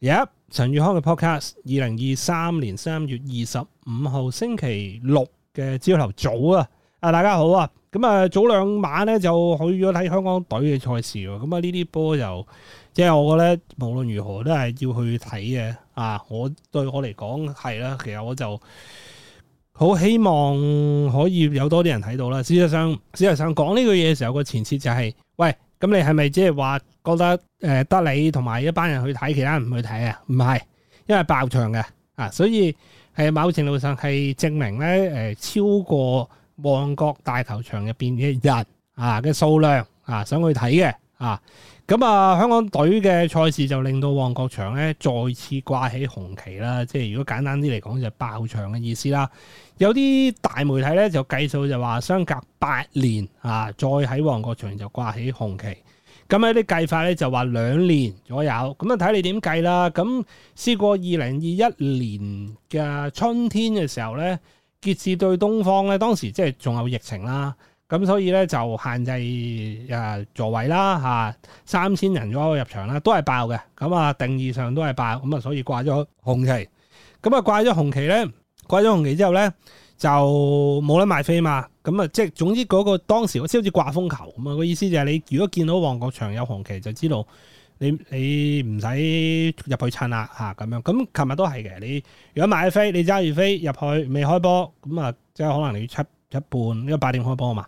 耶、yep！陳宇康嘅 podcast，二零二三年三月二十五號星期六嘅朝頭早啊！啊大家好啊！咁啊早兩晚咧就去咗睇香港隊嘅賽事喎。咁啊呢啲波就即係、就是，我覺得無論如何都係要去睇嘅啊！我對我嚟講係啦，其實我就好希望可以有多啲人睇到啦。事實上，事實上講呢個嘢嘅時候個前設就係、是、喂。咁你係咪即係話覺得誒得你同埋一班人去睇，其他人唔去睇啊？唔係，因為爆場嘅啊，所以係某程度上係證明咧誒超過旺角大球場入邊嘅人啊嘅數量啊想去睇嘅啊。咁啊，香港隊嘅賽事就令到旺角場咧再次掛起紅旗啦，即係如果簡單啲嚟講就係爆場嘅意思啦。有啲大媒體咧就計數就話相隔八年啊，再喺旺角場就掛起紅旗。咁有啲計法咧就話兩年左右，咁啊睇你點計啦。咁試過二零二一年嘅春天嘅時候咧，傑志對東方咧當時即係仲有疫情啦。咁所以咧就限制誒座位啦嚇，三千人左右入場啦，都係爆嘅。咁啊，定義上都係爆，咁啊所以掛咗紅旗。咁啊掛咗紅旗咧，掛咗紅旗之後咧就冇得買飛嘛。咁啊即係總之嗰個當時好似好似掛風球咁啊。個意思就係你如果見到旺角場有紅旗，就知道你你唔使入去襯啦嚇咁樣。咁琴日都係嘅。你如果買咗飛，你揸住飛入去未開波，咁啊即係可能你要出一半，因為八點開波啊嘛，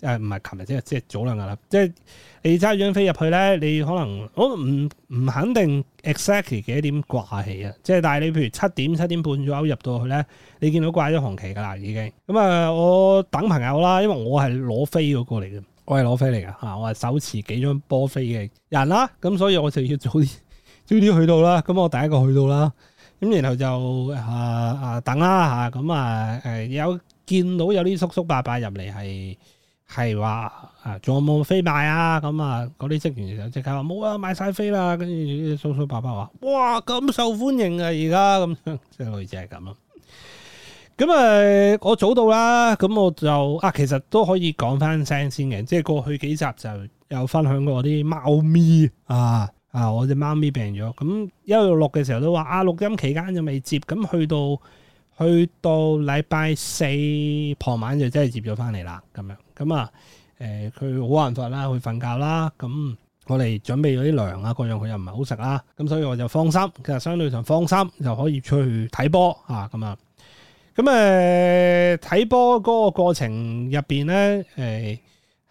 誒唔係琴日，即係即係早兩日啦，即係你揸張飛入去咧，你可能我唔唔肯定 exactly 幾點掛起啊，即係但係你譬如七點七點半左右入到去咧，你見到掛咗紅旗噶啦已經，咁、嗯、啊我等朋友啦，因為我係攞飛嗰個嚟嘅，我係攞飛嚟噶吓，我係手持幾張波飛嘅人啦，咁所以我就要早啲早啲去到啦，咁我第一個去到啦，咁然後就、呃、等啦吓，咁啊誒、呃、有。見到有啲叔叔伯伯入嚟，係係話啊，仲有冇飛賣啊？咁啊，嗰啲職員就即刻話冇啊，賣晒飛啦！跟住叔叔伯伯話，哇，咁受歡迎啊！而家咁，即 係類似係咁啊咁啊，我早到啦。咁我就啊，其實都可以講返聲先嘅。即係過去幾集就有分享過我啲貓咪啊啊，我隻貓咪病咗。咁一六六嘅時候都話啊，錄音期間就未接。咁去到。去到禮拜四傍晚就真係接咗返嚟啦，咁樣咁啊，佢好辦法啦，去、呃、瞓覺啦，咁我哋準備咗啲糧啊，各樣佢又唔係好食啦，咁所以我就放心，其實相對上放心就可以出去睇波啊，咁啊，咁誒睇波嗰個過程入面咧，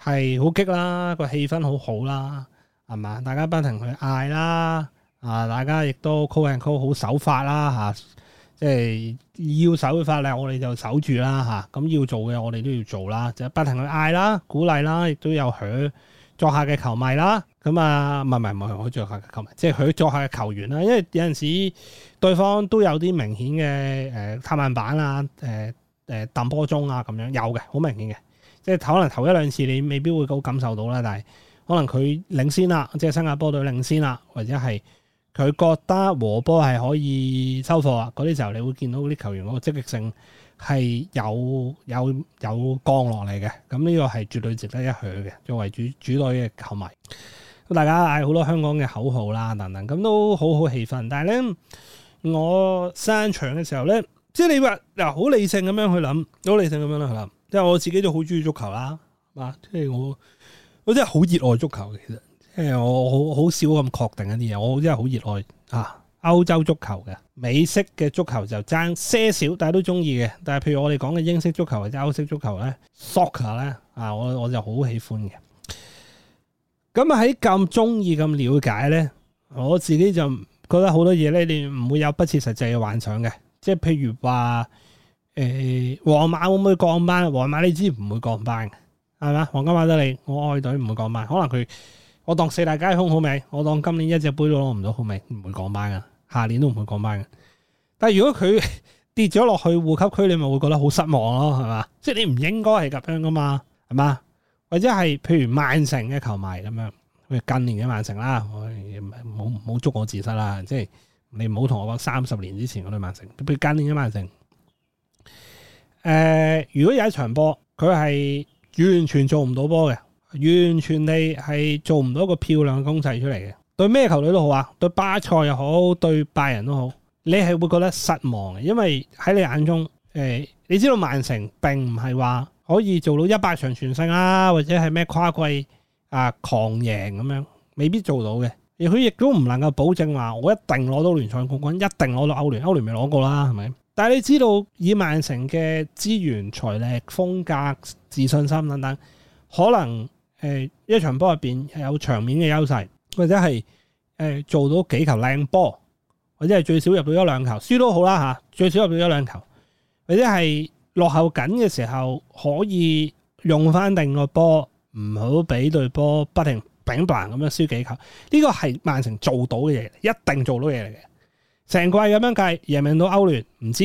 係、呃、好激啦，個氣氛好好啦，係嘛？大家不停去嗌啦，啊、呃、大家亦都 call and call 好手法啦，呃即係要守嘅法例，我哋就守住啦吓。咁要做嘅，我哋都要做啦，就不停去嗌啦、鼓勵啦，亦都有佢作客嘅球迷啦。咁啊，唔係唔係唔係，我作客嘅球迷，即係佢作客嘅球員啦。因為有陣時對方都有啲明顯嘅誒探慢板啊、誒誒揼波鐘啊咁樣有嘅，好明顯嘅。即係可能頭一兩次你未必會好感受到啦，但係可能佢領先啦，即係新加坡隊領先啦，或者係。佢覺得和波係可以收貨啊！嗰啲時候，你會見到啲球員嗰個積極性係有有有降落嚟嘅。咁呢個係絕對值得一去嘅，作為主主隊嘅球迷。咁大家嗌好多香港嘅口號啦，等等，咁都好好氣氛。但係咧，我散場嘅時候咧，即係你話嗱，好理性咁樣去諗，好理性咁樣去諗，即係我自己都好中意足球啦，啊，即係我我真係好熱愛足球嘅，其實。因為我好好少咁確定一啲嘢，我真係好熱愛啊歐洲足球嘅，美式嘅足球就爭些少，但係都中意嘅。但係譬如我哋講嘅英式足球或者歐式足球咧，soccer 咧啊，我我就好喜歡嘅。咁啊喺咁中意咁瞭解，咧我自己就覺得好多嘢咧，你唔會有不切實際嘅幻想嘅。即係譬如話，誒皇馬會唔會降班？皇馬你知唔會降班嘅，係嘛？皇家馬德里，我愛隊唔會降班，可能佢。我當四大皆空好未？我當今年一隻杯都攞唔到好，好未？唔會降班噶，下年都唔會降班嘅。但係如果佢跌咗落去護級區，你咪會覺得好失望咯，係嘛？即係你唔應該係咁樣噶嘛，係嘛？或者係譬如曼城嘅球迷咁樣，譬如近年嘅曼城啦，我唔好捉我字蝨啦，即係你唔好同我講三十年之前嗰啲曼城，譬如近年嘅曼城。誒，如果有一場波，佢係完全做唔到波嘅。完全你係做唔到一個漂亮嘅攻勢出嚟嘅，對咩球隊都好啊，對巴塞又好，對拜仁都好，你係會覺得失望嘅，因為喺你眼中，誒、哎，你知道曼城並唔係話可以做到一百場全勝啊，或者係咩跨季啊狂贏咁樣，未必做到嘅，而佢亦都唔能夠保證話我一定攞到聯賽冠軍，一定攞到歐聯，歐聯未攞過啦，係咪？但係你知道以曼城嘅資源、財力、風格、自信心等等，可能。誒、呃，一場波入邊係有場面嘅優勢，或者係誒、呃、做到幾球靚波，或者係最少入到一兩球，輸都好啦吓，最少入到一兩球，或者係、啊、落後緊嘅時候可以用翻定一個波，唔好俾對波不停 boom bang 咁樣輸幾球。呢個係曼城做到嘅嘢，一定做到嘢嚟嘅。成季咁樣計，贏唔贏到歐聯唔知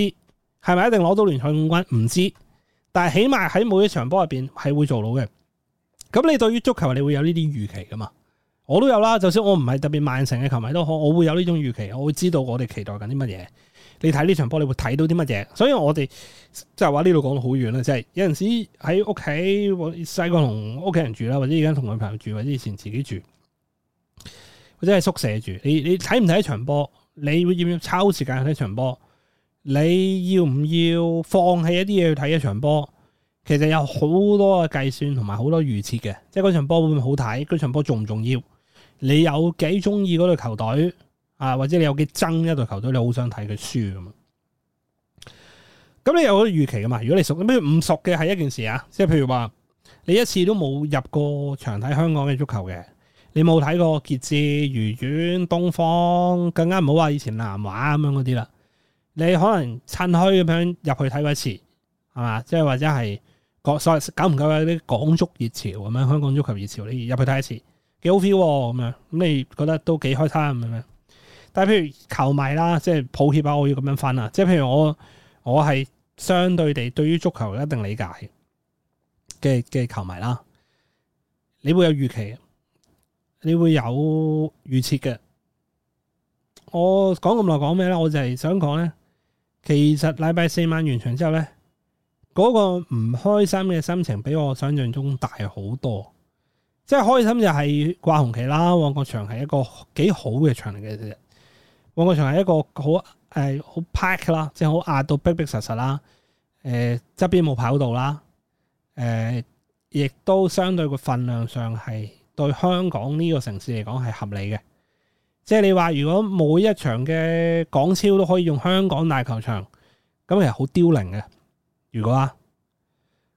係咪一定攞到聯賽冠軍唔知，但係起碼喺每一場波入邊係會做到嘅。咁你對於足球你會有呢啲預期噶嘛？我都有啦，就算我唔係特別曼城嘅球迷都好，我會有呢種預期，我會知道我哋期待緊啲乜嘢。你睇呢場波，你會睇到啲乜嘢？所以我哋即係話呢度講到好遠啦，即係有陣時喺屋企細個同屋企人住啦，或者而家同女朋友住，或者以前自己住，或者係宿舍住。你你睇唔睇一場波？你要唔要抽時間去睇一場波？你要唔要放棄一啲嘢去睇一場波？其實有好多嘅計算同埋好多預設嘅，即係嗰場波會唔會好睇？嗰場波重唔重要？你有幾中意嗰隊球隊啊？或者你有幾憎一隊球隊？你好想睇佢輸咁？咁你有個預期噶嘛？如果你熟，如果唔熟嘅係一件事啊，即係譬如話你一次都冇入過場睇香港嘅足球嘅，你冇睇過傑志、愉園、東方，更加唔好話以前南華咁樣嗰啲啦。你可能趁墟咁樣入去睇過一次，係嘛？即係或者係。所以搞唔搞嘅啲港足熱潮咁樣，香港足球熱潮你入去睇一次，幾好 feel 咁樣。咁你覺得都幾開心咁樣。但係譬如球迷啦，即係抱歉啊，我要咁樣分啦。即係譬如我，我係相對地對於足球有一定理解嘅嘅球迷啦，你會有預期，你會有預設嘅。我講咁耐講咩咧？我就係想講咧，其實禮拜四晚完場之後咧。嗰、那個唔開心嘅心情比我想象中大好多，即係開心就係掛紅旗啦。旺角場係一個幾好嘅場嚟嘅啫，旺角場係一個好誒，好 pack 啦，即係好壓到逼逼實實啦，誒，側邊冇跑道啦，亦、呃、都相對個分量上係對香港呢個城市嚟講係合理嘅，即係你話如果每一場嘅港超都可以用香港大球場，咁其實好凋零嘅。如果啊，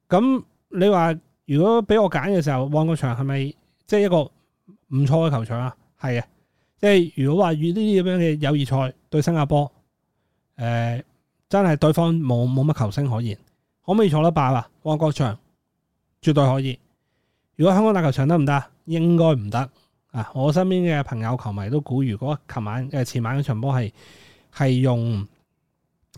咁你話如果俾我揀嘅時候，旺角場係咪即係一個唔錯嘅球場啊？係啊，即係如果話與呢啲咁樣嘅友誼賽對新加坡，誒、呃、真係對方冇冇乜球星可言，可唔可以坐得爆啊？旺角場絕對可以。如果香港大球場得唔得？應該唔得啊！我身邊嘅朋友球迷都估，如果琴晚誒、呃、前晚場波係係用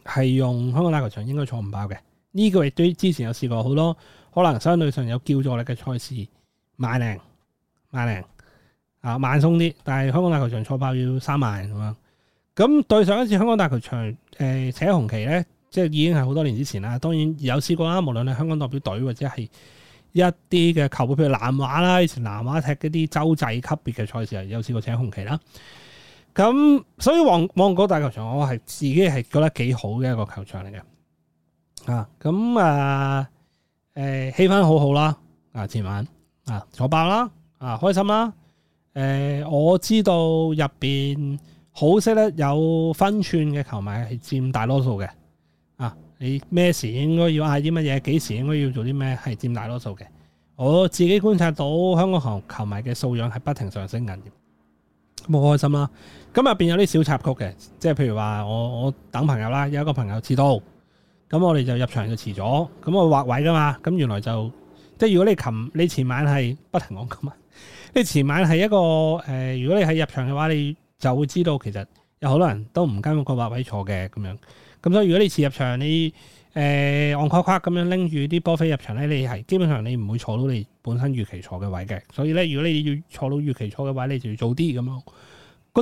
係用香港大球場，應該坐唔爆嘅。呢個亦都之前有試過好多，可能相對上有叫座力嘅賽事，萬零萬零啊，慢鬆啲。但係香港大球場初爆要三萬咁樣。咁對上一次香港大球場誒、呃，請紅旗咧，即係已經係好多年之前啦。當然有試過啦，無論係香港代表隊或者係一啲嘅球會，譬如南華啦，以前南華踢嗰啲洲際級別嘅賽事係有試過請紅旗啦。咁所以旺旺角大球場，我係自己係覺得幾好嘅一個球場嚟嘅。啊，咁啊，誒、啊，氣氛好好啦，啊，前晚啊，坐爆啦，啊，開心啦，誒、啊，我知道入邊好識得有分寸嘅球迷係佔大多數嘅，啊，你咩時應該要嗌啲乜嘢，幾時應該要做啲咩，係佔大多數嘅。我自己觀察到香港行球迷嘅素養係不停上升緊，好開心啦，啊。咁入邊有啲小插曲嘅，即係譬如話我我等朋友啦，有一個朋友遲到。咁我哋就入場就遲咗，咁我劃位㗎嘛，咁原來就即係如果你琴你前晚係不停講琴啊，你前晚係一個、呃、如果你係入場嘅話，你就會知道其實有好多人都唔跟個劃位坐嘅咁樣，咁所以如果你遲入場，你誒、呃、按框框咁樣拎住啲波飛入場咧，你係基本上你唔會坐到你本身預期坐嘅位嘅，所以咧如果你要坐到預期坐嘅位，你就要早啲咁樣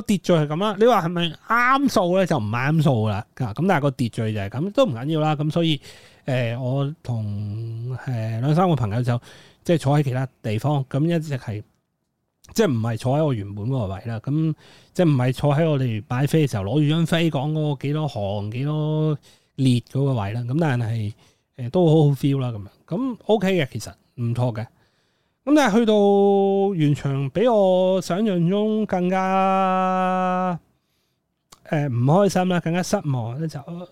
個秩序係咁啦，你話係咪啱數咧就唔啱數啦，咁但係個秩序就係咁，都唔緊要啦。咁所以、呃、我同誒、呃、兩三個朋友就即係、就是、坐喺其他地方，咁一直係即係唔係坐喺我原本嗰個位啦。咁即係唔係坐喺我哋擺飛嘅時候攞住張飛講嗰幾多行幾多列嗰個位啦。咁但係、呃、都好好 feel 啦，咁樣咁 OK 嘅，其實唔錯嘅。咁但係去到現場，比我想象中更加誒唔、呃、開心啦，更加失望。就、呃、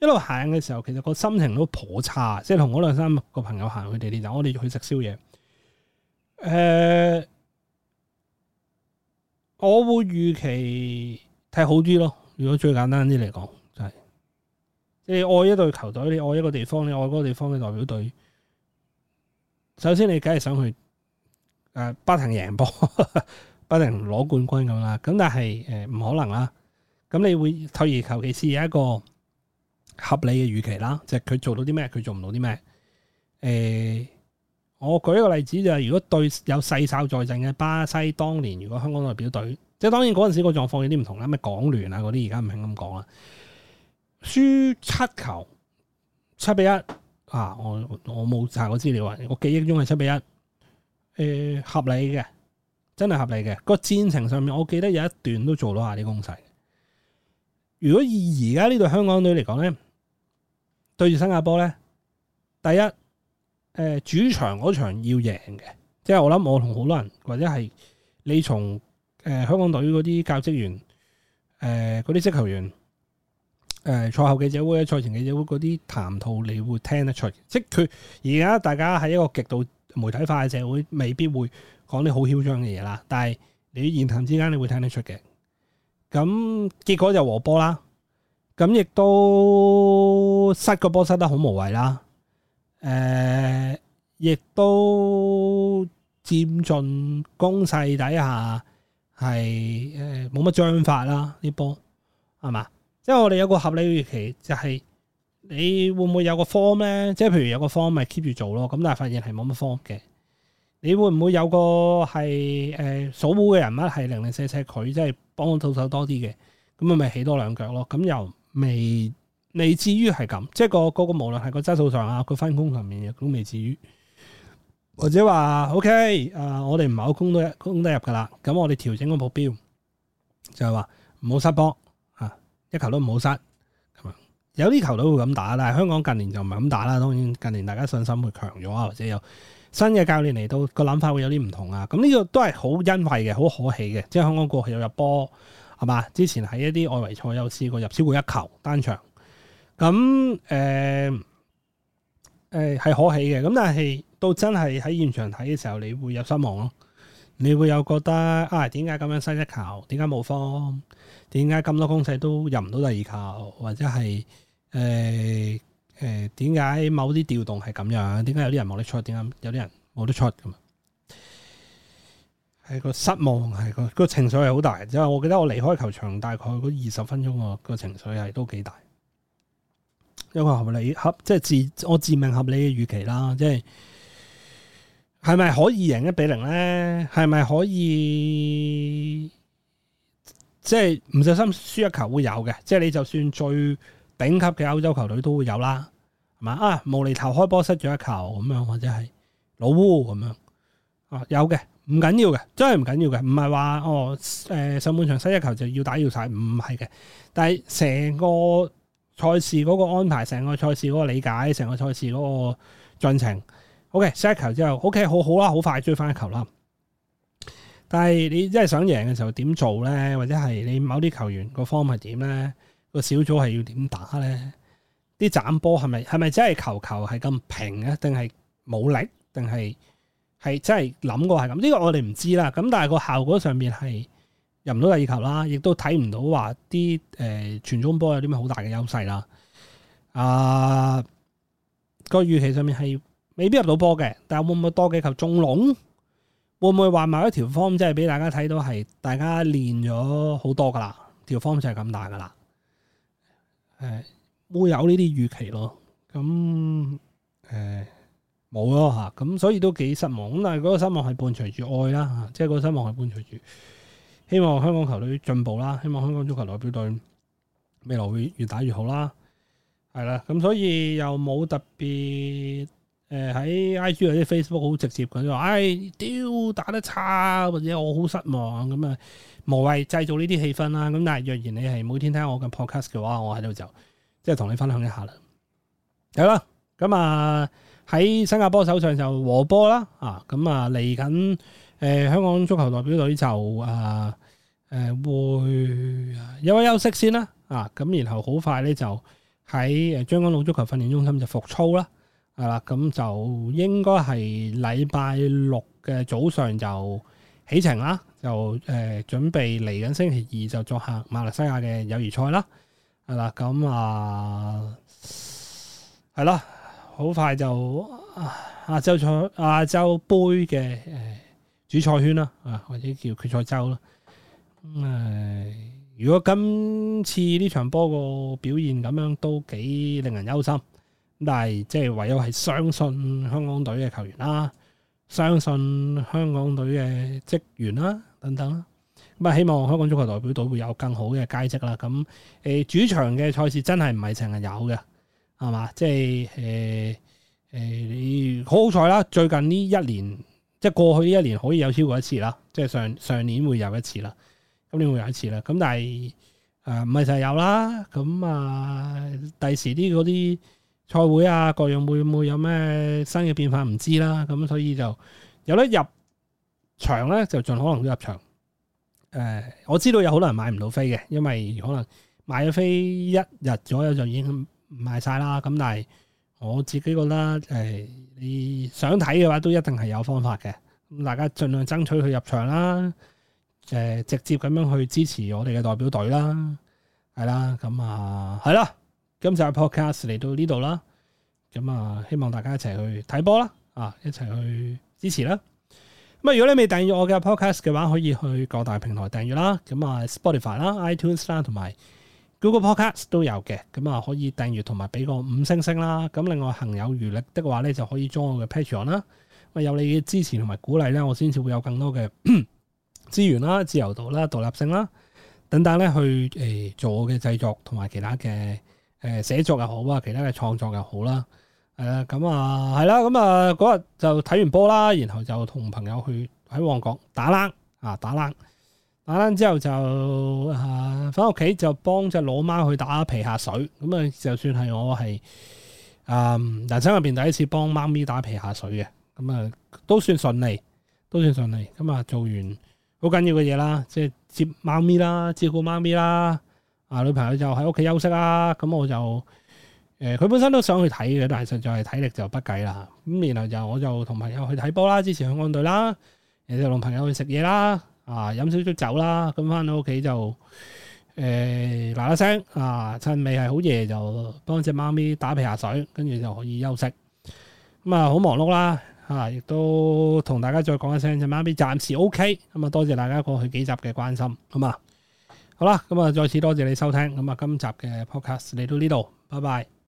一路行嘅時候，其實個心情都頗差，即係同嗰兩三個朋友行去地鐵站，我哋去食宵夜。誒、呃，我會預期睇好啲咯。如果最簡單啲嚟講，就係、是、你愛一隊球隊，你愛一個地方，你愛嗰個地方嘅代表隊。首先你梗係想去不停贏波，不停攞冠軍咁啦，咁但係唔可能啦。咁你會退而求其次有一個合理嘅預期啦，即係佢做到啲咩，佢做唔到啲咩，欸。我舉一個例子就係，如果對有世少在陣嘅巴西，當年如果香港代表隊，即係當然嗰陣時個狀況有啲唔同啦，咩港聯啊嗰啲，而家唔興咁講啦，輸七球，七比一。啊！我我冇查過資料啊！我記憶中係七比一、呃，誒合理嘅，真係合理嘅。個戰程上面，我記得有一段都做到下啲攻勢。如果以而家呢隊香港隊嚟講咧，對住新加坡咧，第一誒、呃、主場嗰場要贏嘅，即、就、係、是、我諗我同好多人或者係你從誒、呃、香港隊嗰啲教職員誒嗰啲職球員。誒、呃、賽後記者會、賽前記者會嗰啲談吐，你會聽得出。即係佢而家大家喺一個極度媒體化嘅社會，未必會講啲好囂張嘅嘢啦。但係你言談之間，你會聽得出嘅。咁結果就和波啦，咁亦都塞個波塞得好無謂啦。誒、呃，亦都佔盡攻勢底下係冇乜章法啦，啲波係嘛？因為我哋有個合理預期，就係你會唔會有個 form 咧？即係譬如有個 form 咪 keep 住做咯，咁但係發現係冇乜 form 嘅。你會唔會有個係誒數戶嘅人物係零零舍舍佢，即、就、係、是、幫到手多啲嘅，咁啊咪起多兩腳咯。咁又未未至於係咁，即係個嗰個無論係個質素上啊，佢、那個、分工上面亦都未至於。或者話，OK，誒、呃，我哋唔係好攻得得入噶啦。咁我哋調整個目標，就係話唔好失波。一球都唔好失，有啲球隊會咁打啦，但香港近年就唔係咁打啦。當然近年大家信心會強咗啊，或者有新嘅教練嚟到，個諗法會有啲唔同啊。咁呢個都係好欣慰嘅，好可喜嘅。即係香港過去有入波，係嘛？之前喺一啲外圍賽有試過入超過一球單場。咁誒誒係可喜嘅，咁但係到真係喺現場睇嘅時候，你會有失望咯。你會有覺得啊，點解咁樣失一球？點解冇防？點解咁多攻勢，都入唔到第二球，或者係誒誒？點解某啲調動係咁樣？點解有啲人冇得出？點解有啲人冇得出咁啊？係個失望，係個個情緒係好大。即係我記得我離開球場大概嗰二十分鐘，個個情緒係都幾大。因為合理合，即係自我自命合理嘅預期啦。即係係咪可以贏一比零咧？係咪可以？即係唔小心輸一球會有嘅，即係你就算最頂級嘅歐洲球隊都會有啦，係嘛啊，無厘頭開波失咗一球咁樣，或者係老烏咁樣啊，有嘅唔緊要嘅，真係唔緊要嘅，唔係話哦誒呃、上半場失一球就要打要曬，唔係嘅。但係成個賽事嗰個安排，成個賽事嗰個理解，成個賽事嗰個進程，OK 失一球之後，OK 好好啦，好，好快追翻一球啦。但係你真係想贏嘅時候點做咧？或者係你某啲球員個方係點咧？個小組係要點打咧？啲斬波係咪係咪真係球球係咁平啊？定係冇力？定係係真係諗過係咁？呢個我哋唔知啦。咁但係個效果上面係入唔到第二球啦，亦都睇唔到話啲誒傳中波有啲咩好大嘅優勢啦。啊、呃，個預期上面係未必入到波嘅，但會唔會多幾球中籠？會唔會話埋一條方，即係俾大家睇到係大家練咗好多噶啦，條方就係咁大噶啦。誒、欸，會有呢啲預期咯。咁、嗯、誒，冇、欸、咯吓。咁所以都幾失望。咁但係嗰個失望係伴隨住愛啦，即係嗰個失望係伴隨住希望香港球隊進步啦，希望香港足球代表隊未來會越打越好啦。係啦，咁所以又冇特別。誒、呃，喺 IG 或者 Facebook 好直接嘅，就話，唉，屌打得差，或者我好失望，咁啊，無謂製造呢啲氣氛啦。咁但係若然你係每天聽我嘅 podcast 嘅話，我喺度就即係同你分享一下啦。係啦，咁啊，喺新加坡手上就和波啦，啊，咁啊嚟緊誒香港足球代表隊就啊誒、呃、會休一、啊、休息先啦，啊，咁、啊、然後好快咧就喺將軍澳足球訓練中心就復操啦。係、嗯、啦，咁就應該係禮拜六嘅早上就起程啦，就誒、呃、準備嚟緊星期二就作客馬來西亞嘅友誼賽啦。係、嗯、啦，咁、嗯嗯、啊，係啦，好快就亞洲賽亞洲杯嘅、呃、主賽圈啦，啊或者叫決賽周啦、呃。如果今次呢場波個表現咁樣，都幾令人憂心。但係即係唯有係相信香港隊嘅球員啦、啊，相信香港隊嘅職員啦、啊，等等啦。咁啊，希望香港足球代表隊會有更好嘅佳績啦。咁誒、呃，主場嘅賽事真係唔係成日有嘅，係嘛？即係誒誒，你好好彩啦！最近呢一年，即係過去呢一年，可以有超過一次啦。即係上上年會有一次啦，今年會有一次啦。咁但係誒唔係成日有啦。咁啊，第時啲嗰啲。賽會啊，各樣會唔會有咩新嘅變化唔知啦，咁所以就有得入場咧，就盡可能會入場。誒、呃，我知道有好多人買唔到飛嘅，因為可能買咗飛一日左右就已經賣晒啦。咁但係我自己覺得誒，呃、你想睇嘅話都一定係有方法嘅。咁大家盡量爭取去入場啦，誒、呃，直接咁樣去支持我哋嘅代表隊啦，係啦，咁啊，係啦。今集嘅 podcast 嚟到呢度啦，咁啊，希望大家一齊去睇波啦，啊，一齊去支持啦。咁啊，如果你未訂閱我嘅 podcast 嘅話，可以去各大平台訂閱啦。咁啊，Spotify 啦、iTunes 啦、同埋 Google Podcast 都有嘅。咁啊，可以訂閱同埋俾個五星星啦。咁另外，行有餘力的話咧，就可以裝我嘅 Patreon 啦。啊，有你嘅支持同埋鼓勵咧，我先至會有更多嘅資 源啦、自由度啦、獨立性啦等等咧，去誒、欸、做我嘅製作同埋其他嘅。呃、寫作又好啊，其他嘅創作又好啦，咁、呃、啊，係、嗯、啦，咁啊嗰日就睇完波啦，然後就同朋友去喺旺角打冷啊，打冷打冷之後就啊返屋企就幫隻老媽去打皮下水，咁、嗯、啊就算係我係啊、嗯、人生入面第一次幫媽咪打皮下水嘅，咁、嗯、啊、嗯、都算順利，都算順利，咁、嗯、啊、嗯、做完好緊要嘅嘢啦，即、就、係、是、接媽咪啦，照顧媽咪啦。啊，女朋友就喺屋企休息啦，咁我就，誒、呃，佢本身都想去睇嘅，但係實在係體力就不計啦。咁然後就我就同朋友去睇波啦，支持香港隊啦，然後同朋友去食嘢啦，啊、呃，飲少少酒啦，咁返到屋企就，誒、呃，嗱嗱聲，啊，趁未係好夜就幫隻貓咪打皮下水，跟住就可以休息。咁、嗯、啊，好忙碌啦，啊，亦都同大家再講一聲，隻貓咪暫時 OK，咁啊，多謝大家過去幾集嘅關心，好好啦，咁啊，再次多謝你收聽，咁啊，今集嘅 podcast 就嚟到呢度，拜拜。